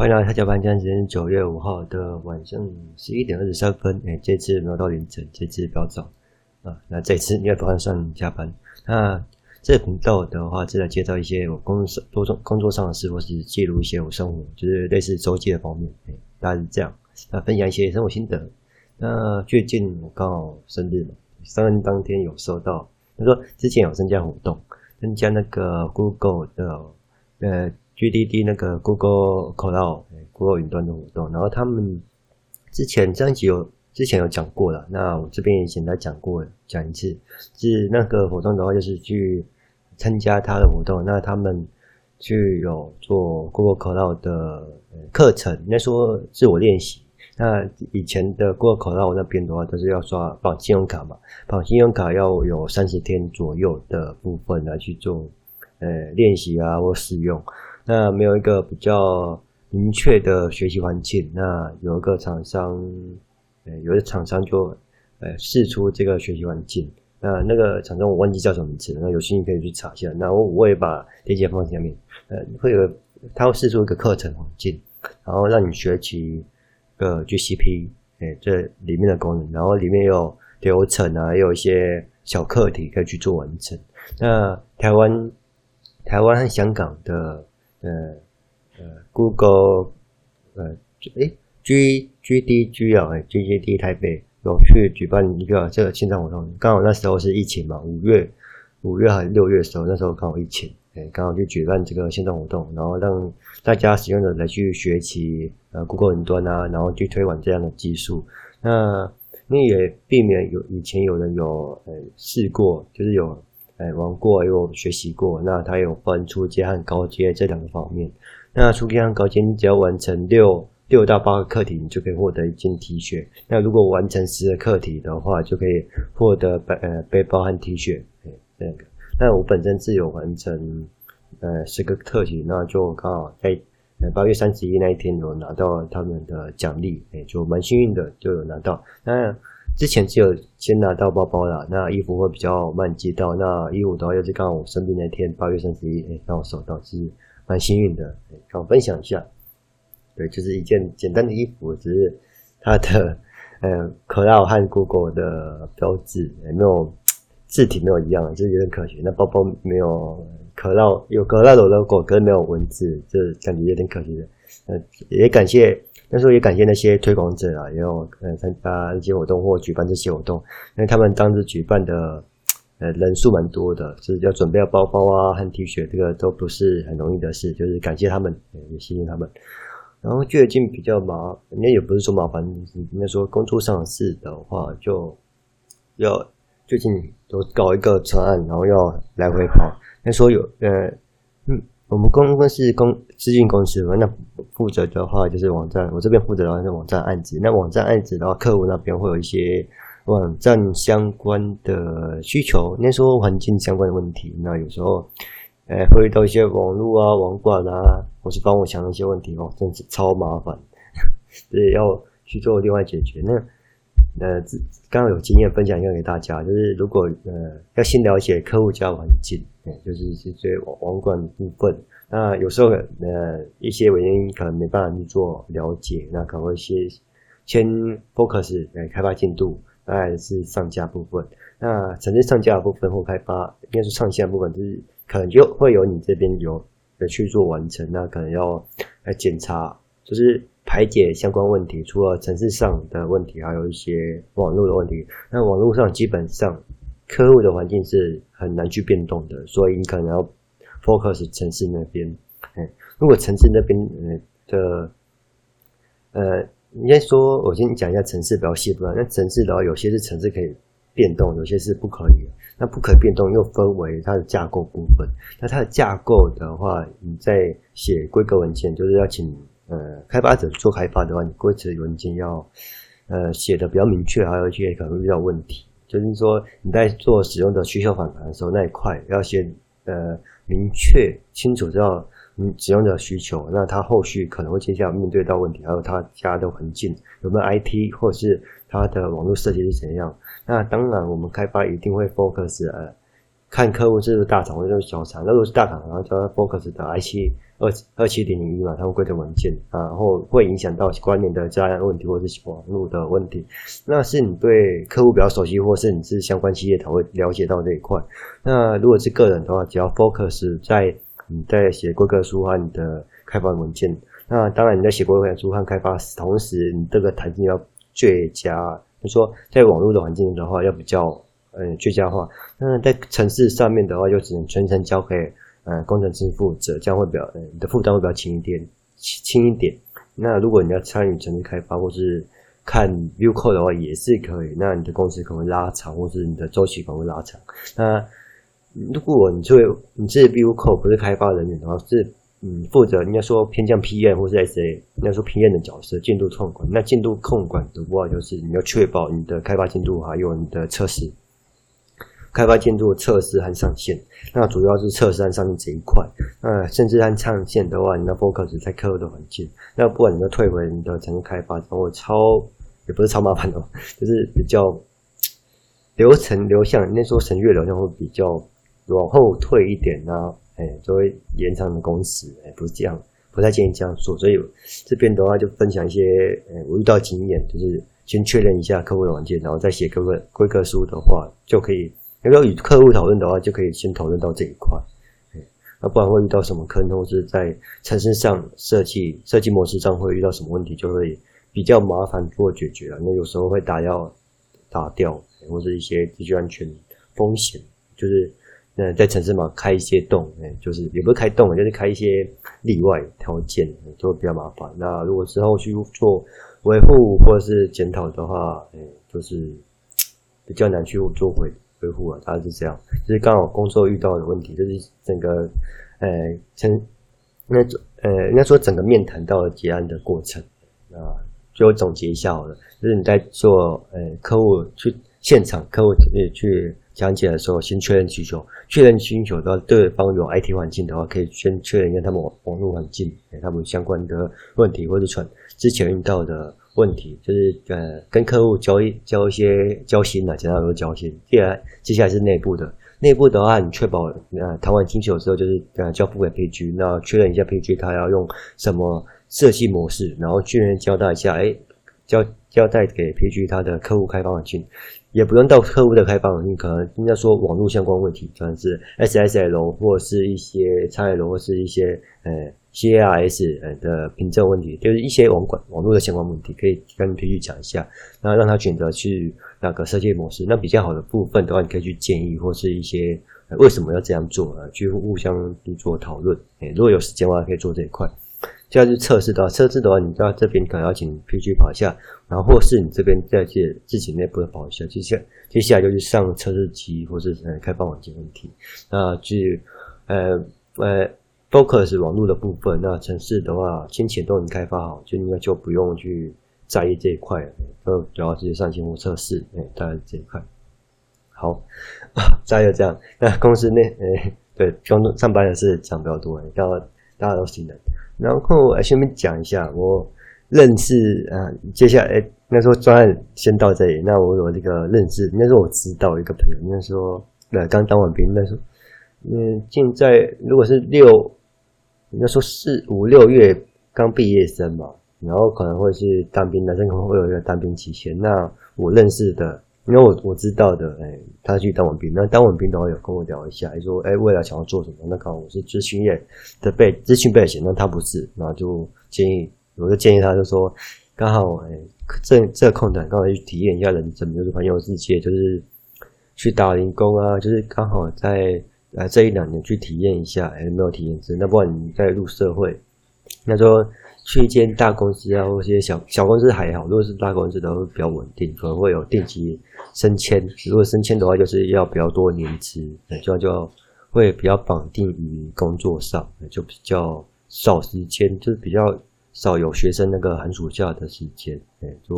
歡迎來下班，今天九月五號的晚上十一點二十三分。哎、欸，這次沒有到凌晨，這次比較早啊。那這次你要不要算，算加班？那這頻道的話，是來介紹一些我工作、工作上的事，或是記錄一些我生活，就是類似週記的方面。哎、欸，大概是這樣。那分享一些生活心得。那最近我剛好生日嘛，生日當天有收到，他說之前有參加活動，參加那個 Google 的呃。G D D 那個 Google Cloud Google 雲端的活動，然後他們之前章節有之前有講過了，那我這邊也簡單講過講一次。就是那個活動的話，就是去參加他的活動，那他們去有做 Google Cloud 的課程，應該說自我練習。那以前的 Google Cloud 那邊的話，都是要刷綁信用卡嘛，綁信用卡要有三十天左右的部分來去做呃練習啊或使用。那沒有一個比較明確的學習環境。那有一個廠商，呃，有的廠商就，呃，試出這個學習環境。那那個廠商我忘記叫什麼名字了，那有興趣可以去查一下。那我我也把鏈接放下面。呃，會有，他會試出一個課程環境，然後讓你學習一個 GCP，哎、呃，這裡面的功能，然後裡面有流程啊，也有一些小課題可以去做完成。那台灣，台灣和香港的。呃呃、嗯、Google 呃，誒 GDG 啊 GDG 台北，有去舉辦一個這個線上活動，剛好那時候是疫情嘛，五月五月還是六月的時候，那時候剛好疫情，誒，剛好去舉辦這個線上活動，然後讓大家使用者來去學習呃 Google 雲端啊，然後去推廣這樣的技術，那那也避免有以前有人有誒試過，就是有。哎，玩過又學習過，那它有分初階和高階這兩個方面。那初階和高階，你只要完成六六到八個課題，你就可以獲得一件 T 恤。那如果完成十個課題的話，就可以獲得背呃背包和 T 恤，哎，這兩個。那我本身是有完成呃十個課題，那就剛好在、哎、呃八月三十一那一天，我拿到了他們的獎勵哎，就蠻幸運的就有拿到。那之前只有先拿到包包了，那衣服會比較慢寄到。那衣服的話，又是剛好我生病那天，八月三十一，哎，剛好收到，其實蠻幸運的。哎，剛好分享一下。對，就是一件簡單的衣服，只是它的呃、嗯、Cloud 和 Google 的標誌沒有、哎、字體沒有一樣，就是有點可惜。那包包沒有 Cloud，有 Cloud 的 logo，可是沒有文字，這感覺有點可惜的。嗯、也感謝。那時候也感謝那些推廣者啊，也有可能參加一些活動或舉辦這些活動，因為他們當時舉辦的呃人數蠻多的，就是要準備要包包啊和 T 恤，這個都不是很容易的事，就是感謝他們，也謝謝他們。然後最近比較忙，人家也不是說麻煩，人家說工作上的事的話，就要最近都搞一個專案，然後要來回跑。那時候有呃嗯。我們公司是公諮詢公司，我那負責的話就是網站，我這邊負責的話就是網站案子。那網站案子的話，客戶那邊會有一些網站相關的需求，那時候環境相關的問題，那有時候，呃、會遇到一些網絡啊、網管啊，或是幫我想一些問題哦、喔，真是超麻煩，所以要去做另外解決那。那剛剛有經驗分享一下給大家，就是如果呃要先了解客戶家環境，哎，就是是最網網管的部分。那有時候呃一些原因可能沒辦法去做了解，那可能會先先 focus 來開發進度，哎是上架部分。那甚至上架的部分或開發應該是上線的部分，就是可能就會由你這邊有來去做完成，那可能要來檢查，就是。排解相關問題，除了城市上的問題，還有一些網絡的問題。那網絡上基本上客戶的環境是很難去變動的，所以你可能要 focus 城市那邊。哎、欸，如果城市那邊的呃，應該說，我先講一下城市比較細的部分。那城市的話，有些是城市可以變動，有些是不可以。那不可變動又分為它的架構部分。那它的架構的話，你在寫規格文件，就是要請。呃，開發者做開發的話，你規則文件要，呃，寫的比較明確，還有一些可能會遇到問題，就是說你在做使用的需求訪談的時候，那一塊要先呃明確清楚知道你使用的需求，那他後續可能會接下來面對到問題，還有他家的環境有沒有 IT 或者是他的網絡設計是怎樣，那當然我們開發一定會 focus 呃。看客戶是大廠或者是小廠，那如果是大廠，然後 focus 的 ISO 27001嘛，他會規定文件啊，然後會影響到關聯的其他問題或者是網絡的問題，那是你對客戶比較熟悉，或是你是相關企業才會了解到這一塊。那如果是個人的話，只要 focus 在你在寫規格書和你的開發文件，那當然你在寫規格書和開發同時，你這個彈性要最佳，你、就是、說在網絡的環境的話要比較。呃，最、嗯、佳化。那在程式上面的話，就只能全程交給呃、嗯、工程師負責，這樣會比較呃你的負擔會比較輕一點，輕，輕一點。那如果你要參與程式開發或是看 view code 的話，也是可以。那你的公司可能會拉長，或是你的周期可能會拉長。那如果你作為，你是 view code 不是開發人員的話，是嗯負責應該說偏向 PM 或是 SA，應該說 PM 的角色，進度控管。那進度控管的話，就是你要確保你的開發進度還有你的測試。開發、建築、測試和上線，那主要是測試和上線這一塊。呃，甚至和上線的話，你的 focus 在客戶的環境。那不管你要退回你的前開發，然後超也不是超麻煩哦，就是比較流程流向，那時候程序流向會比較往後退一點啊。哎，就會延長的工時。哎，不是這樣，不太建議這樣做。所以這邊的話，就分享一些、哎、我遇到經驗，就是先確認一下客戶的環境，然後再寫各個，個規格書的話，就可以。要不要與客戶討論的話，就可以先討論到這一塊，哎，那不然會遇到什麼坑，或是在程式上設計設計模式上會遇到什麼問題，就會比較麻煩做解決了。那有時候會打掉，打掉，或者一些數據安全風險，就是在程式嘛開一些洞，哎，就是也不是開洞，就是開一些例外條件，都比較麻煩。那如果之後去做維護或者是檢討的話，哎，就是比較難去做回恢復啊，大概是這樣。就是剛好工作遇到的問題，就是整個，呃，從那呃，應該說整個面談到結案的過程啊。最、呃、後總結一下好了，就是你在做呃客戶去現場，客戶呃去講解的時候，先確認需求。確認需求的話，對方有 IT 環境的話，可以先確認一下他們網網絡環境，他們相關的問題或者傳之前遇到的。問題就是呃跟客戶交一交一些交心的、啊，簡單來說交心。接下來接下來是內部的，內部的話你確保呃談完清楚之後，就是呃交付給 PG，那確認一下 PG 他要用什麼設計模式，然後確認交代一下，誒、哎、交交代給 PG 他的客戶開發環境。也不用到客戶的開放，你可能應該說網絡相關問題，像是 SSL 或是一些 XL 或是一些呃 CORS 的憑證問題，就是一些網管網絡的相關問題，可以跟 PM 講一下，那讓他選擇去那個設計模式。那比較好的部分的話，你可以去建議或是一些為什麼要這樣做啊，去互相去做討論。哎，如果有時間的話，可以做這一塊。這樣去測試的，測試的話，你到這邊可能要請 PG 跑一下，然後或是你這邊再去自己內部的跑一下。接下接下來就去上測試機，或者是、嗯、開發環境問題。那去呃呃 focus 網絡的部分，那程式的話先前都已經開發好，就應該就不用去在意這一塊，然、嗯、後主要是上新服測試。哎、嗯，大概這一塊。好，啊，再有這樣，那公司內呃、嗯、對剛上班的是講比較多，大、欸、大家都行的。然後，我先講一下我認識啊。接下來誒，那時候專案先到這裡。那我有那個認識，那時候我知道一個朋友，那時候呃剛當完兵，那時候嗯，現在如果是六，那時候四五六月剛畢業生嘛，然後可能會去當兵的，男生可能會有一個當兵期限。那我認識的。因為我我知道的，哎，他去當文兵，那當文兵的話有跟我聊一下，他說，哎，未來想要做什麼？那剛好我是資訊業的被資訊背景，那他不是，那就建議，我就建議他，就說，剛好，哎，這這個、空檔，剛好去體驗一下人生，怎麼就是環遊世界，就是去打零工啊，就是剛好在呃這一兩年去體驗一下，哎，沒有體驗值，那不然你再入社會。那就去一間大公司啊，或者一些小小公司還好；如果是大公司的話，會比較穩定，可能會有定期升遷。如果升遷的話，就是要比較多年資，那就就會比較綁定於工作上，就比較少時間，就是比較少有學生那個寒暑假的時間。就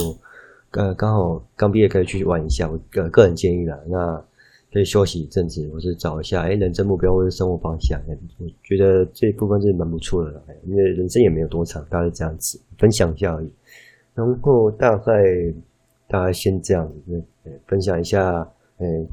呃剛好剛畢業可以去玩一下。我個、呃、個人建議啦，那。可以休息一陣子，我是找一下，哎、欸，人生目標或者生活方向，欸、我覺得這一部分是蠻不錯的，因、欸、為人生也沒有多長，大概是這樣子分享一下而已。然後大概大家先這樣子，欸、分享一下，誒、欸、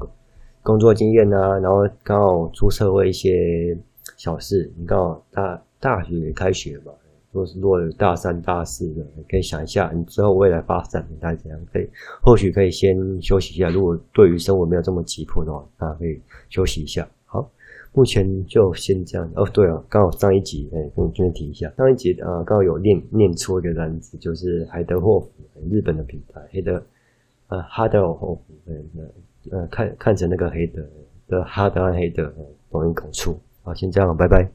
工作經驗啊，然後剛好出社會一些小事，你剛好大大學也開學吧。若是落了大三大四的，你可以想一下你之後未來發展的怎樣，可以或許可以先休息一下。如果對於生活沒有這麼急迫的話，啊，可以休息一下。好，目前就先這樣。哦，對哦，剛好上一集，哎、嗯，今天提一下，上一集啊，剛、呃、好有念念錯一個單詞，就是海德霍夫，日本的品牌，黑德，呃，哈德霍夫，呃、哦嗯、呃，看看成那個黑德的哈德和黑德容易搞錯。好，先這樣，拜拜。